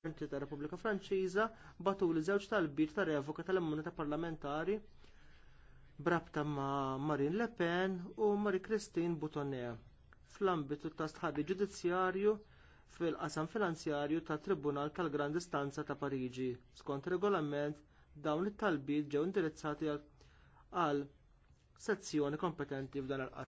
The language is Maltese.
Presidenti ta' Repubblika Franċiża batu li żewġ talbiet ta' revoka tal-immunità parlamentari brabta ma' Marine Le Pen u Marie Christine Boutonnet fl-ambitu ta' stħarri ġudizzjarju fil-qasam finanzjarju tat Tribunal tal-Grand Istanza ta' Pariġi. Skont regolament dawn it-talbiet ġew indirizzati għal sezzjoni kompetenti f'dan il-qasam.